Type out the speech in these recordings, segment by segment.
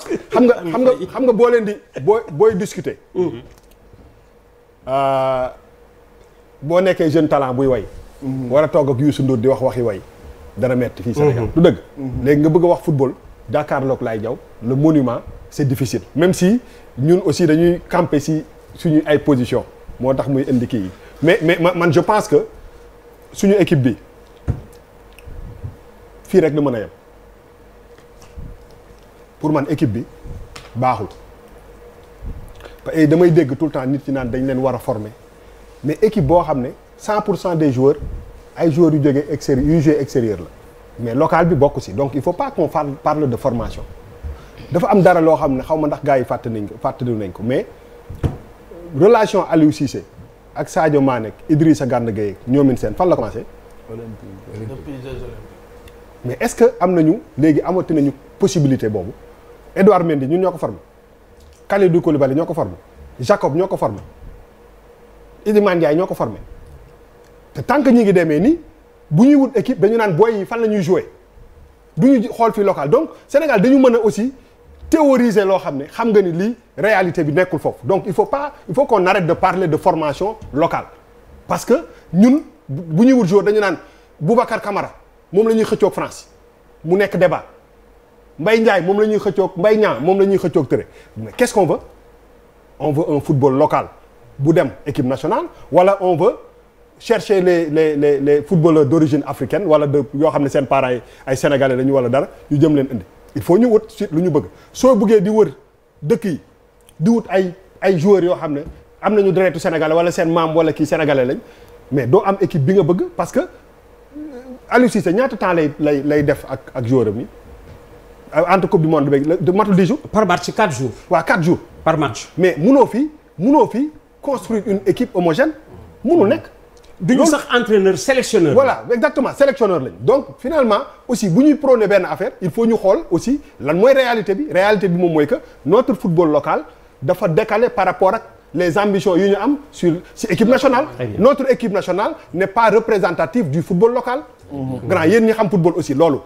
xam nga xam nga xam nga boo leen di boo booy discuter. Euh, boo nekkee jeune talent buy way. war a toog ak Youssou Ndour di wax waxi way. dana metti fii Sénégal mhm. du dëgg. léegi nga bëgg a wax football jàkkaarloog Laye jaw le monument c'est difficile même si ñun aussi dañuy camper si suñu ay position moo tax muy indi kii yi mais mais man je pense que suñu équipe bi fii rek la mën a yem. pour man équipe bi baaxul et damay dégg tout le temps nit ñi naan dañ leen war a former mais équipe boo xam ne cent pour cent des joueurs ay joueurs yu jógee extérieur yu joué extérieur la mais local bi bokk si donc il faut pas qu'on parle de formation dafa am dara loo xam ne xaw ma ndax gars yi fàtte nañ ko fàttali nañ ko mais relation Aliou Cissé ak Sadio Mané ak Idrissa Gana Gueye ñoomin seen fan la commencé mais est-ce que am nañu léegi amati nañu possibilité boobu Edouard Mendy ñun ñoo ko formé Kalidou Koulibaly ñoo ko formé Jacob ñoo ko formé Iliman Ndiaye ñoo ko formé te tant que ñi ngi demee nii bu ñuy wut équipe dañu naan booy yi fan la ñuy jouer du ñu xool fii local donc Sénégal dañu mën a aussi théoriser loo xam ne xam nga ni lii réalité bi nekkul foofu donc il faut pas il faut qu'on arrête de parler de formation locale parce que ñun bu ñuy wut joueur dañu naan Boubacar Camara moom la ñuy xëccoog France mu nekk débat mbay Ndiaye moom la ñuy xëccoog Mbaye Niang moom la ñuy xëccoog tëre mais qu'est-ce qu'on veut on veut un football local bu dem équipe nationale wala on veut chercher les les les les footballeurs d'origine africaine wala de yoo xam ne seen parents yi ay sénégalais lañu wala dara ñu jëm leen indi il faut ñu wut si lu ñu bëgg soo buggee di wër dëkk yi di wut ay ay joueurs yoo xam ne am nañu deretu sénégalais wala seen maam wala kii sénégalais lañ mais doo am équipe bi nga bëgg parce que euh, Aliou Cissé ñaata temps lay lay def ak ak joueur am entre coupe du monde beeg de matul 10 jours. par match 4 jours. waaw 4 jours. par match mais munoo fi munoo fi construire une équipe homogène munul nekk. duñu sax entraîneur sélectionneur voilà exactement sélectionneur lañ donc finalement aussi bu ñuy prôné benn affaire il faut ñu xool aussi lan mooy réalité bi réalité bi moom mooy que notre football local dafa décalé par rapport ak les ambitions yu ñu am su si équipe nationale notre équipe nationale n'est pas représentative du football local mhm. yéen ñi xam football aussi loolu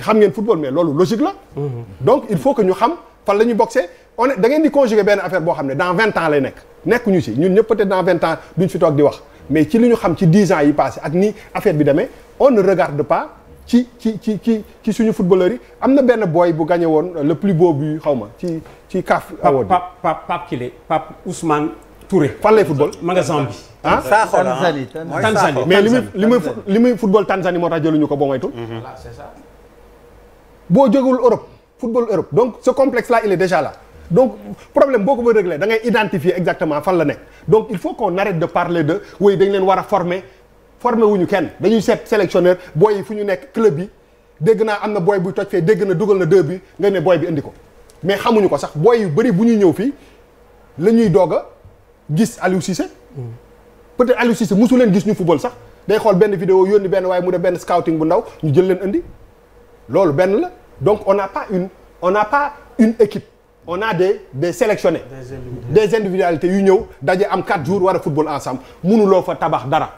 xam ngeen football mais loolu logique la. Mm-hmm. donc il faut que ñu xam fan la ñu boxee on est da ngeen di conjuguer benn affaire boo xam ne dans vingt ans lay nekk nekkuñu ci ñun ñëpp dans vingt ans duñ fi toog di wax mais ci li ñu xam ci dix ans yi passé ak ni affaire bi demee on regarde pas ci ci ci suñu footballeurs yi am na benn boy bu gagné woon euh, le plus beau but xaw ma ci ci CAF award bi Pape Pape Kile Pape Ousmane Touré. fan lay football ma nga Zambie. ko boo jógewul Europe football Europe donc ce complexe là il est déjà là donc problème boo ko bëgg régler da ngay identifier exactement fan la nekk donc il faut qu'on arrête de parler de oui dañ leen war a former former wuñu kenn dañuy seet sélectionneur booy yi fu ñu nekk club yi dégg naa am na booy buy toj fee dégg na dugal na deux bi nga ne booy bi indi ko mais xamuñu ko sax booy yu bëri bu ñuy ñëw fii la ñuy doog a gis Aliou Cissé peut-être Aliou Cissé mosu leen gis ñu football sax day xool benn vidéo yónni benn waaye mu def benn scouting bu ndaw ñu jël leen indi loolu benn la donc on n'a pas une on n'a pas une équipe on na des des sélectionnés des individualités yu ñëw daje am 4 jours war a football ensemble mënuloo fa tabax dara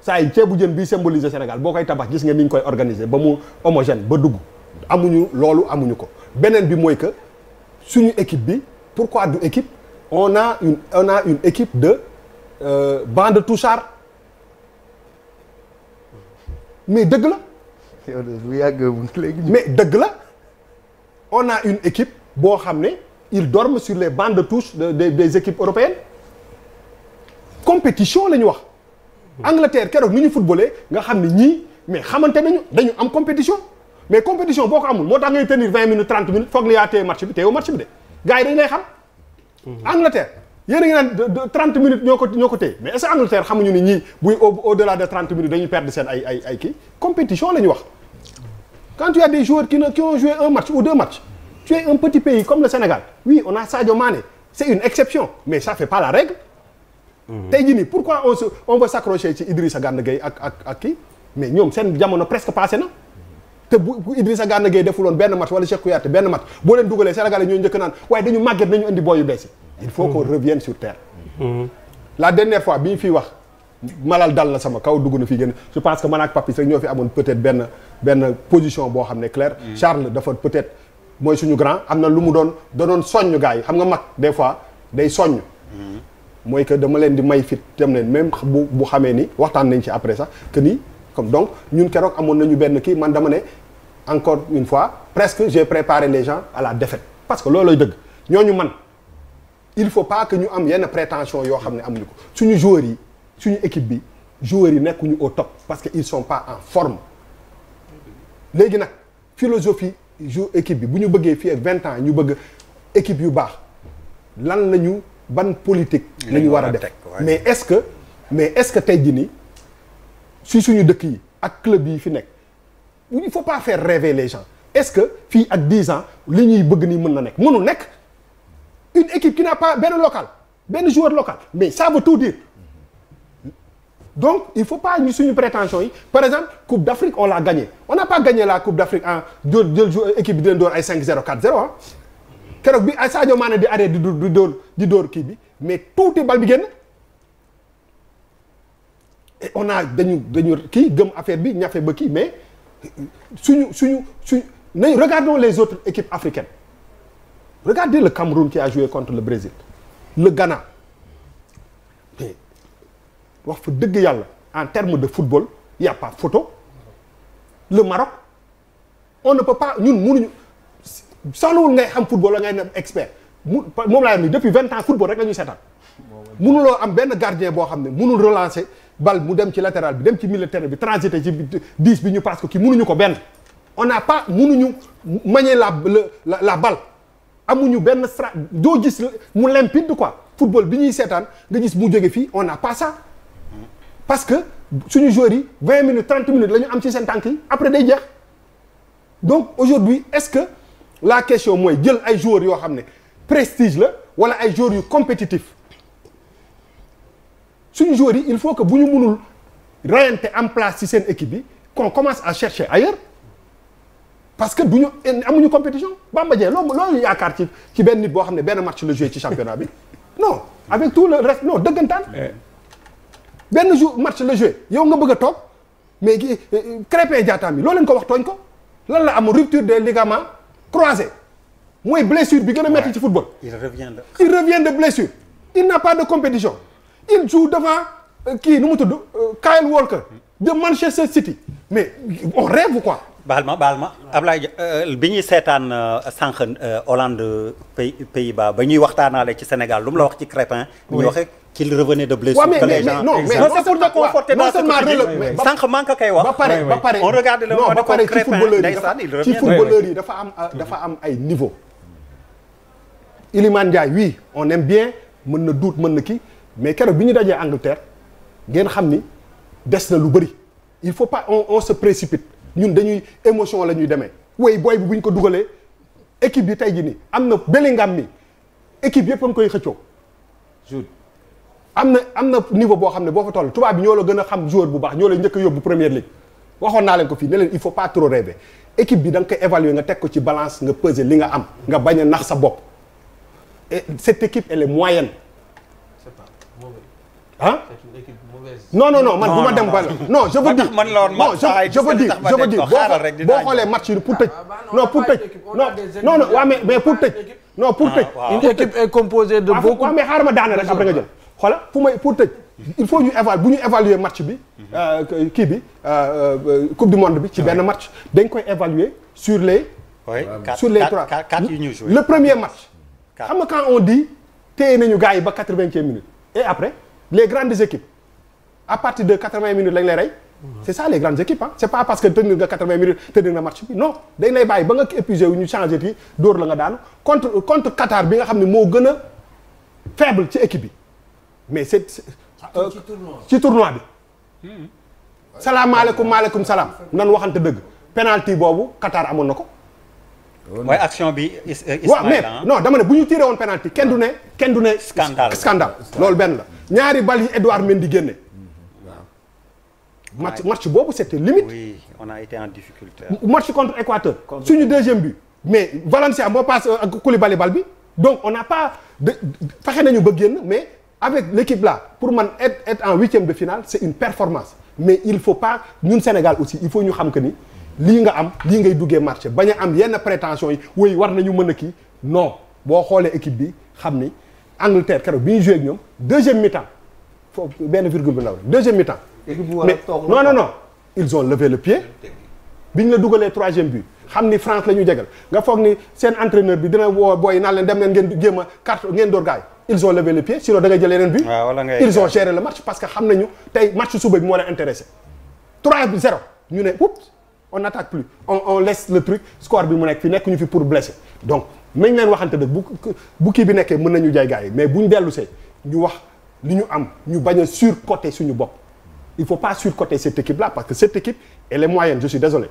saa yi ceebu jën bii symboliser Sénégal boo koy tabax gis nga ni ñu koy organiser ba mu homogène ba dugg amuñu loolu amuñu ko beneen bi mooy que suñu équipe bi pourquoi du équipe on na une on a une équipe de euh, bande touchard mais dëgg la yow de mais dëgg la on a une équipe boo xam ne ils dorment sur les bancs de touche de, de, des équipes européennes compétition la ñu wax. Angleterre keroog ni ñu footballé nga xam ni ñii mais xamante nañu dañu am compétition mais compétition boo ko amul moo tax ngay tenir vingt minutes trente minutes foog ne yaa téye match bi téyewu match bi de gars yi lay xam. Mhm. Angleterre yéen a ngi naan trente minutes ñoo ko ñoo ko téye mais est Angleterre xamuñu ni ñii buy au au delà de trente minutes la ñu wax. Quand tu as des joueurs qui, ne, qui ont joué un match ou deux matchs, tu es un petit pays comme le Sénégal. Oui, on a Sadio Mané. C'est une exception, mais ça ne fait pas la règle. Mhm. tey jii nii pourquoi on se on veut s'accrocher ci Idrissa Gana Gueye ak ak ak kii mais ñoom seen jamono presque passé na te bu Idrissa Gana Gueye defuloon benn match wala Cheikh Kouyaté benn match boo leen dugalee Sénégalais ñooy njëkk naan waaye dañu màgget nañu indi booy mhm. mhm. fois bi ñu fiy wax malal dal na sama kaw dugg na fii génn je pense que man ak Papis rek ñoo fi amoon peut-être benn benn position boo xam ne claire mm. Charles dafa peut-être mooy suñu grand am na lu mu doon danoon soññ gars yi xam nga mag des fois day soññ mm. mooy que dama leen di may fit dem leen même bu bu xamee ni waxtaan nañ ci après sax que nii comme donc ñun keroog amoon nañu benn kii man dama ne encore une fois presque j'ai préparé les gens à la défaite parce que loolooy dëgg ñooñu man il faut pas ñu am yenn prétention yoo xam ne amuñu ko suñu joueurs yi suñu équipe bi joueurs yi nekkuñu au top parce que ils sont pas en forme léegi nag philosophie jou équipe bi bu ñu bëggee fii ak vingt ans ñu bëgg équipe yu baax lan la ñu ban politique la ñu war a def mais est-ce que mais est-ce que tey jii nii si suñu dëkk yi ak club yi fi nekk il faut pas faire rêver les gens est-ce que fii ak dix ans li ñuy bëgg ni mën na nekk mënul nekk une équipe qui n'a pas benn local benn joueur local mais ça tout dire donc il faut pas ñu suñu prétention yi par exemple coupe d'Afrique on l'a gagné on n'a pas gagné la coupe d'Afrique en jël jël équipe bi di leen door ay 5 keroog bi ay Sadio Mané di arrêté di di dóor di dóor kii bi mais tuuti bal bi génn et on a dañu dañu kii gëm affaire bi ñafe ba kii mais suñu suñu suñu nañ regardons les autres équipes africaines regardez le Cameroun qui a joué contre le Brésil le Ghana. wax fa dëgg yàlla en terme de football il y a pas photo le Maroc on na peut pas ñun mënuñu soxlawul ngay xam football la ngay ne expert mu moom laa ni depuis vingt ans football rek la ñuy seetaan loo am benn gardien boo xam ne mënul relancer bal mu dem ci latéral bi dem ci milieu terrain bi transiter ci dix bi ñu passe ko kii mënuñu ko benn on n'a pas mënuñu manier la la la balle amuñu benn stra doo gis mu limpide quoi football bi ñuy seetaan nga gis mu jóge parce que suñu joueurs yi vingt minutes trente minutes la am ci seen tànk yi après day jeex donc aujourd'hui est-ce que la question mooy jël ay joueurs yoo xam ne prestige la wala ay joueurs yu compétitif suñu joueurs yi il faut que bu ñu munul rayante en place ci seen équipe bi qu'on commence à chercher ailleurs parce que du ñu amuñu compétition Bamba Dieng loo loolu yaakaar ci ci benn nit boo xam ne benn match la joué ci championnat bi non avec tout le reste non dëggantaan eh, benn jour match la joué yow nga bëgg a toog mais kii Krépin eh, eh, Diatta bi loo leen ko wax tooñ ko lan la am rupture des ligaments croisés mooy blessure bi gën a metti ci football. il revient de. il revient de blessure. il n'a pas de compétition. il joue devant euh, kii nu mu tudd euh, Kyle Walker de Manchester City mais on rêve quoi. baal ma baal ma Ablaye euh, bi ñuy seetaan sànq Hollande pays Pays-Bas ba ñuy waxtaanaale ci Sénégal lum la wax ci Crépin. bu ñuy qu'il revenait de blessure. Ouais, mais, que les gens non mais non c'est ba pare ba pare on ba pare ci footballeur yi dafa am ay niveau. Iliman Ndiaye oui on aime bien mën na duut mën na ki mais keroog bi ñu dajee Angleterre ngeen xam ni des na lu bëri il faut pas on on se précipite ñun dañuy émotion la ñuy demee. wey booy bi bu ñu ko dugalee équipe bi tey jii nii am na Bellingham mi équipe yëpp a ngi koy xëccoo. am na am na niveau boo xam ne boo fa toll tubaab ñoo la gën a xam joueur bu baax ñoo la njëkk yóbbu première ligue waxoon naa leen ko fii ne leen il faut pas trop rêver équipe bi da nga koy évaluer nga teg ko ci balance nga peser li nga am nga bañ a nax sa bopp et cette équipe elle est moyenne. c'est pas mauvais. ah man bu ma dem ba non je veux dire man la non boo xoolee match yi pour ah, tëj. non pour tëj non non non waaw mais mais pour ah, tëj. non ah, pour tëj. une équipe est composée de beaucoup. waaw mais xaaral nga jël. xoola fu may pour tëj faut ñu évaluer bu ñu évaluer match bi euh, kii bi euh, euh, coupe du monde bi ci benn match dañ koy évaluer sur les sur les trois le premier match xam nga quand on dit téye nañu gars yi ba quatre-vingtième minute et après les grandes équipes à partir de quatre-vingts minutes lañ lay rey c'est ça les grandes équipes c'est pas parce que tenir nga quatre-vingts minutes tenir nga match bi non dañ lay bàyyi ba nga épuisé wu ñu changé yi dóor la nga daanu contre contre bi nga xam ne moo gën a faible ci équipe bi mais c' est. Euh, ci tournoi bi. Hmm. salaamaaleykum maaleykum salaam nan waxante dëgg. penalty boobu Qatar amoon na ko. waaye oh, action bi is euh, mais non dama bu ñu tiré woon penalty kenn du ne. kenn du ne scandale scandale loolu benn la ñaari bal yi Edouard Mendy génne. Hmm. match match boobu c' était limite. oui on match contre Équateur. suñu deuxième bi mais Valencia moo passe euh, ak Koulibaly bal bi donc on n'a pas de nañu ba génn mais. avec l'équipe là pour man être être en huitième de finale c'est une performance mais il faut pas ñun Sénégal aussi il faut ñu xam que ni lii nga am lii ngay duggee marché bañ a am yenn prétention yi woy war nañu mën a kii non boo xoolee équipe bi xam ni Angleterre keroog bi ñu joué ñoom deuxième mi foofu benn virgule bu ndaw rek deuxième mi-temps. mais non non non ils ont levé le pied bi ñu la dugalee troisième but xam ni France la jegal nga foog ni seen entraîneur bi dina woo booy naan leen dem leen ngeen jéem a carte ngeen door gaay ils ont levé le pied sinon da ngay jël yeneen but ah, ils ont géré le match parce que xam nañu tey match suba bi moo leen intéressé 3-0 ñu ne oups on n'attaque plus on les laisse le truc score bi mu nekk fi nekk ñu fi pour blesser donc nañ leen waxante dëgg bu bu kii bi nekkee mën nañu jaay gars yi mais bu ñu dellu see ñu wax li ñu am ñu bañ a surcoté suñu bopp il faut pas surcoter cette équipe la parce que cet équipe elle est moyenne je suis désolé